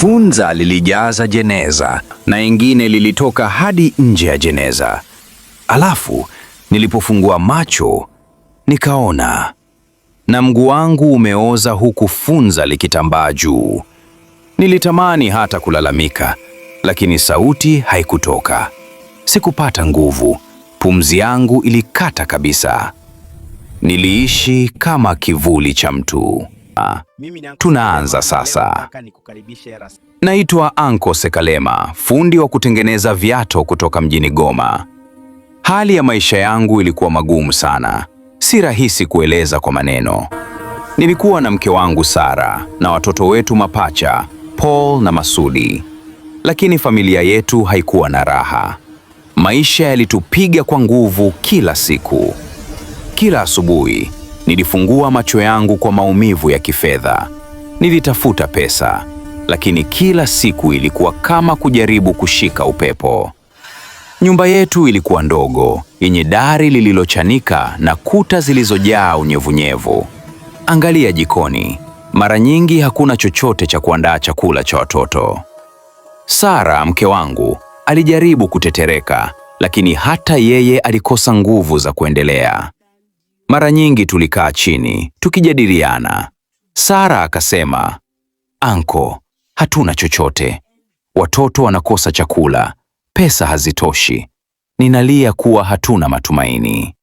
funza lilijaza jeneza na ingine lilitoka hadi nje ya jeneza. Alafu nilipofungua macho nikaona, na mguu wangu umeoza huku funza likitambaa juu. Nilitamani hata kulalamika, lakini sauti haikutoka. Sikupata nguvu, pumzi yangu ilikata kabisa. Niliishi kama kivuli cha mtu sasa. Tunaanza sasa. Naitwa Anko Sekalema, fundi wa kutengeneza viato kutoka mjini Goma. Hali ya maisha yangu ilikuwa magumu sana, si rahisi kueleza kwa maneno. Nilikuwa na mke wangu Sara na watoto wetu mapacha Paul na Masudi, lakini familia yetu haikuwa na raha. Maisha yalitupiga kwa nguvu kila siku. Kila asubuhi Nilifungua macho yangu kwa maumivu ya kifedha. Nilitafuta pesa, lakini kila siku ilikuwa kama kujaribu kushika upepo. Nyumba yetu ilikuwa ndogo, yenye dari lililochanika na kuta zilizojaa unyevunyevu. Angalia jikoni, mara nyingi hakuna chochote cha kuandaa chakula cha watoto. Sara, mke wangu, alijaribu kutetereka, lakini hata yeye alikosa nguvu za kuendelea. Mara nyingi tulikaa chini tukijadiliana. Sara akasema, anko, hatuna chochote, watoto wanakosa chakula, pesa hazitoshi, ninalia kuwa hatuna matumaini.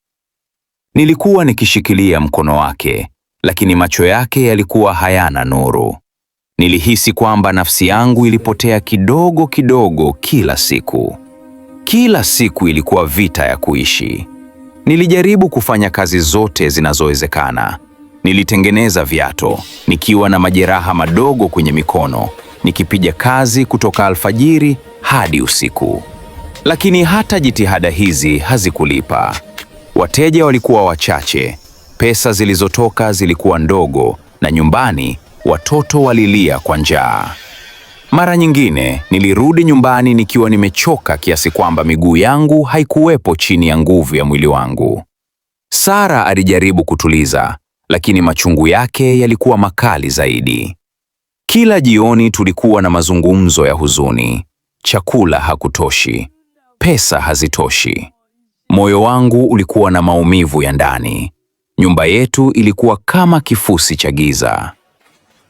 Nilikuwa nikishikilia mkono wake, lakini macho yake yalikuwa hayana nuru. Nilihisi kwamba nafsi yangu ilipotea kidogo kidogo kila siku. Kila siku ilikuwa vita ya kuishi. Nilijaribu kufanya kazi zote zinazowezekana. Nilitengeneza viatu nikiwa na majeraha madogo kwenye mikono, nikipiga kazi kutoka alfajiri hadi usiku. Lakini hata jitihada hizi hazikulipa. Wateja walikuwa wachache, pesa zilizotoka zilikuwa ndogo, na nyumbani watoto walilia kwa njaa. Mara nyingine nilirudi nyumbani nikiwa nimechoka kiasi kwamba miguu yangu haikuwepo chini ya nguvu ya mwili wangu. Sara alijaribu kutuliza, lakini machungu yake yalikuwa makali zaidi. Kila jioni tulikuwa na mazungumzo ya huzuni. Chakula hakutoshi, pesa hazitoshi. Moyo wangu ulikuwa na maumivu ya ndani. Nyumba yetu ilikuwa kama kifusi cha giza.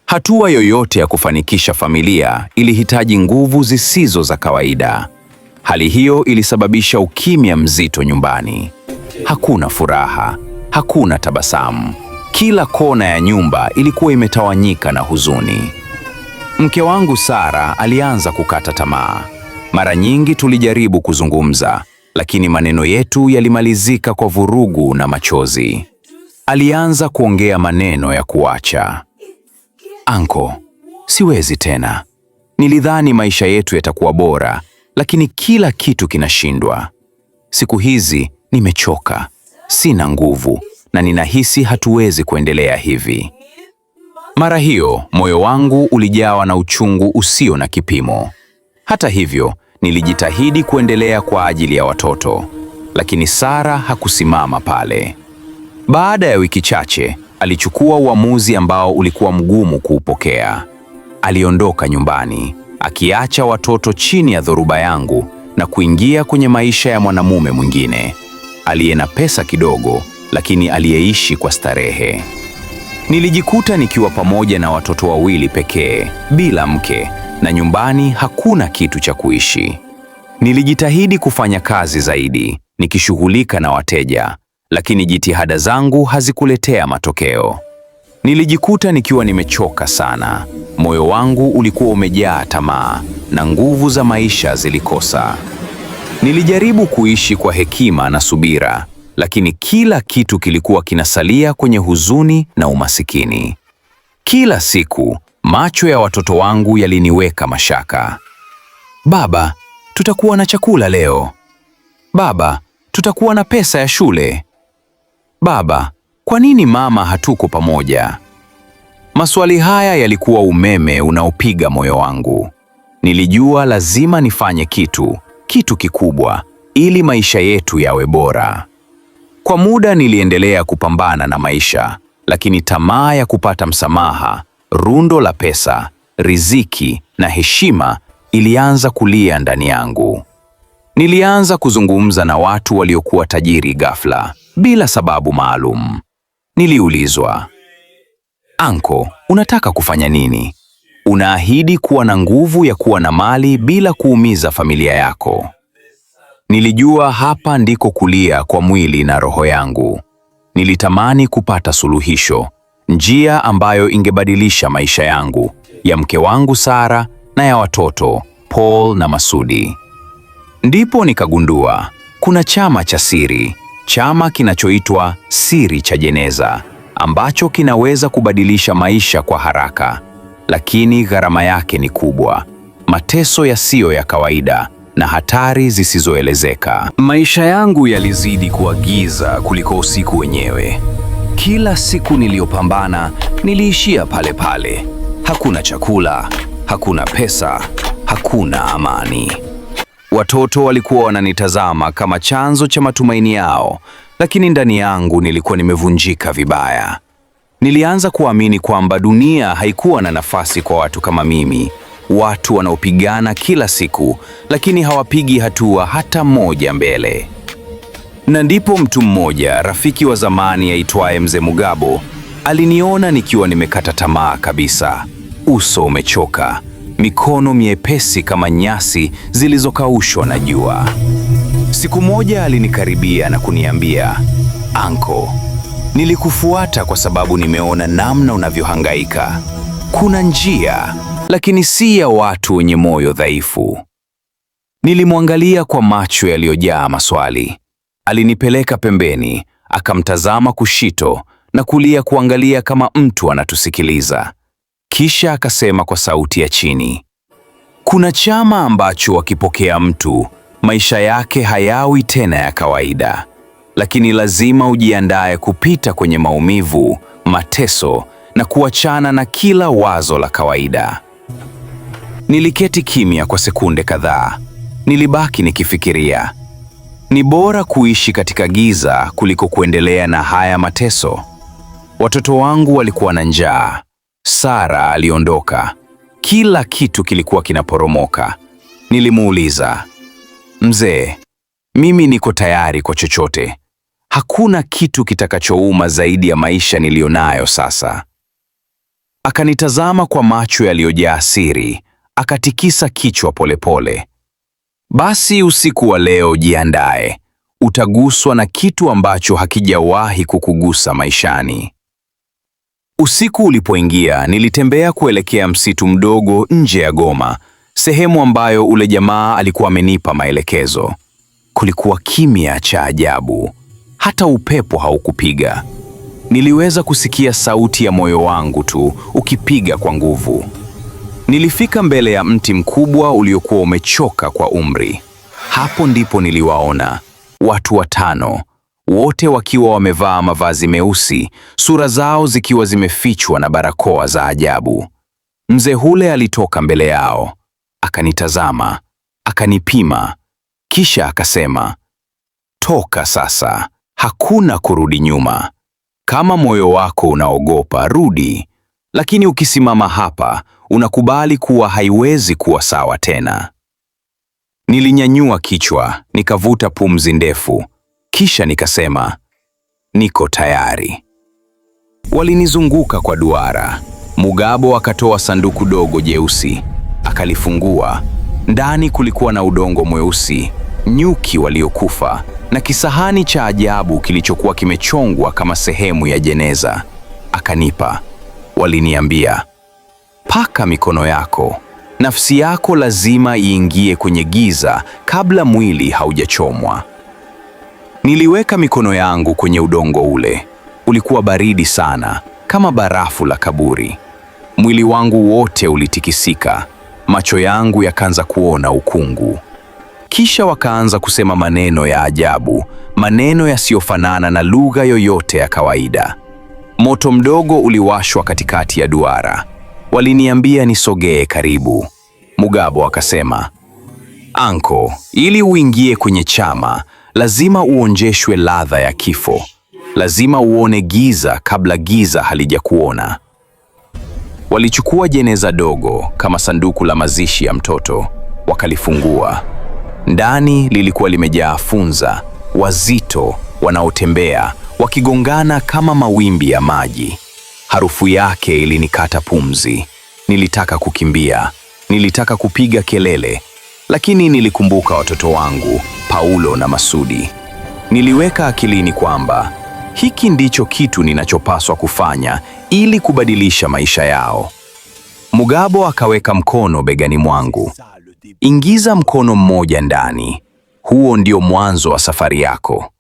Hatua yoyote ya kufanikisha familia ilihitaji nguvu zisizo za kawaida. Hali hiyo ilisababisha ukimya mzito nyumbani. Hakuna furaha, hakuna tabasamu. Kila kona ya nyumba ilikuwa imetawanyika na huzuni. Mke wangu Sara alianza kukata tamaa. Mara nyingi tulijaribu kuzungumza, lakini maneno yetu yalimalizika kwa vurugu na machozi. Alianza kuongea maneno ya kuacha. Anko, siwezi tena. Nilidhani maisha yetu yatakuwa bora, lakini kila kitu kinashindwa. Siku hizi nimechoka, sina nguvu na ninahisi hatuwezi kuendelea hivi. Mara hiyo moyo wangu ulijawa na uchungu usio na kipimo. Hata hivyo, nilijitahidi kuendelea kwa ajili ya watoto, lakini Sara hakusimama pale. Baada ya wiki chache Alichukua uamuzi ambao ulikuwa mgumu kuupokea. Aliondoka nyumbani, akiacha watoto chini ya dhoruba yangu na kuingia kwenye maisha ya mwanamume mwingine aliye na pesa kidogo, lakini aliyeishi kwa starehe. Nilijikuta nikiwa pamoja na watoto wawili pekee, bila mke, na nyumbani hakuna kitu cha kuishi. Nilijitahidi kufanya kazi zaidi, nikishughulika na wateja lakini jitihada zangu hazikuletea matokeo. Nilijikuta nikiwa nimechoka sana, moyo wangu ulikuwa umejaa tamaa na nguvu za maisha zilikosa. Nilijaribu kuishi kwa hekima na subira, lakini kila kitu kilikuwa kinasalia kwenye huzuni na umasikini. Kila siku macho ya watoto wangu yaliniweka mashaka. Baba, tutakuwa na chakula leo? Baba, tutakuwa na pesa ya shule? Baba, kwa nini mama hatuko pamoja? Maswali haya yalikuwa umeme unaopiga moyo wangu. Nilijua lazima nifanye kitu, kitu kikubwa ili maisha yetu yawe bora. Kwa muda niliendelea kupambana na maisha, lakini tamaa ya kupata msamaha, rundo la pesa, riziki na heshima ilianza kulia ndani yangu. Nilianza kuzungumza na watu waliokuwa tajiri ghafla bila sababu maalum. Niliulizwa, Anko, unataka kufanya nini? Unaahidi kuwa na nguvu ya kuwa na mali bila kuumiza familia yako. Nilijua hapa ndiko kulia kwa mwili na roho yangu. Nilitamani kupata suluhisho, njia ambayo ingebadilisha maisha yangu, ya mke wangu Sara na ya watoto Paul na Masudi. Ndipo nikagundua kuna chama cha siri chama kinachoitwa Siri cha Jeneza ambacho kinaweza kubadilisha maisha kwa haraka, lakini gharama yake ni kubwa, mateso yasiyo ya kawaida na hatari zisizoelezeka. Maisha yangu yalizidi kuwa giza kuliko usiku wenyewe. Kila siku niliyopambana niliishia pale pale. Hakuna chakula, hakuna pesa, hakuna amani. Watoto walikuwa wananitazama kama chanzo cha matumaini yao, lakini ndani yangu nilikuwa nimevunjika vibaya. Nilianza kuamini kwamba dunia haikuwa na nafasi kwa watu kama mimi, watu wanaopigana kila siku lakini hawapigi hatua hata moja mbele. Na ndipo mtu mmoja, rafiki wa zamani aitwaye Mzee Mugabo, aliniona nikiwa nimekata tamaa kabisa, uso umechoka mikono miepesi kama nyasi zilizokaushwa na jua. Siku moja alinikaribia na kuniambia, Anko, nilikufuata kwa sababu nimeona namna unavyohangaika. Kuna njia, lakini si ya watu wenye moyo dhaifu. Nilimwangalia kwa macho yaliyojaa maswali. Alinipeleka pembeni, akamtazama Kushito na kulia kuangalia kama mtu anatusikiliza. Kisha akasema kwa sauti ya chini, kuna chama ambacho wakipokea mtu maisha yake hayawi tena ya kawaida, lakini lazima ujiandae kupita kwenye maumivu, mateso na kuachana na kila wazo la kawaida. Niliketi kimya kwa sekunde kadhaa, nilibaki nikifikiria. Ni bora kuishi katika giza kuliko kuendelea na haya mateso. Watoto wangu walikuwa na njaa, Sara aliondoka. Kila kitu kilikuwa kinaporomoka. Nilimuuliza, mzee, mimi niko tayari kwa chochote. Hakuna kitu kitakachouma zaidi ya maisha niliyonayo sasa. Akanitazama kwa macho yaliyojaa siri, akatikisa kichwa polepole pole. Basi usiku wa leo jiandae, utaguswa na kitu ambacho hakijawahi kukugusa maishani. Usiku ulipoingia, nilitembea kuelekea msitu mdogo nje ya Goma, sehemu ambayo ule jamaa alikuwa amenipa maelekezo. Kulikuwa kimya cha ajabu, hata upepo haukupiga. Niliweza kusikia sauti ya moyo wangu tu ukipiga kwa nguvu. Nilifika mbele ya mti mkubwa uliokuwa umechoka kwa umri. Hapo ndipo niliwaona watu watano wote wakiwa wamevaa mavazi meusi, sura zao zikiwa zimefichwa na barakoa za ajabu. Mzee hule alitoka mbele yao, akanitazama, akanipima, kisha akasema, toka sasa, hakuna kurudi nyuma. Kama moyo wako unaogopa, rudi, lakini ukisimama hapa, unakubali kuwa haiwezi kuwa sawa tena. Nilinyanyua kichwa, nikavuta pumzi ndefu. Kisha nikasema niko tayari. Walinizunguka kwa duara. Mugabo akatoa sanduku dogo jeusi, akalifungua. Ndani kulikuwa na udongo mweusi, nyuki waliokufa na kisahani cha ajabu kilichokuwa kimechongwa kama sehemu ya jeneza. Akanipa. Waliniambia, paka mikono yako, nafsi yako lazima iingie kwenye giza kabla mwili haujachomwa. Niliweka mikono yangu kwenye udongo ule. Ulikuwa baridi sana, kama barafu la kaburi. Mwili wangu wote ulitikisika, macho yangu yakaanza kuona ukungu. Kisha wakaanza kusema maneno ya ajabu, maneno yasiyofanana na lugha yoyote ya kawaida. Moto mdogo uliwashwa katikati ya duara. Waliniambia nisogee karibu. Mugabo akasema, Anko, ili uingie kwenye chama Lazima uonjeshwe ladha ya kifo. Lazima uone giza kabla giza halijakuona. Walichukua jeneza dogo kama sanduku la mazishi ya mtoto, wakalifungua. Ndani lilikuwa limejaa funza wazito wanaotembea wakigongana kama mawimbi ya maji. Harufu yake ilinikata pumzi. Nilitaka kukimbia, nilitaka kupiga kelele, lakini nilikumbuka watoto wangu. Paulo na Masudi. Niliweka akilini kwamba hiki ndicho kitu ninachopaswa kufanya ili kubadilisha maisha yao. Mugabo akaweka mkono begani mwangu. Ingiza mkono mmoja ndani. Huo ndio mwanzo wa safari yako.